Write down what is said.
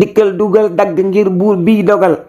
dikkal dugal dagg ngir buur biy dogal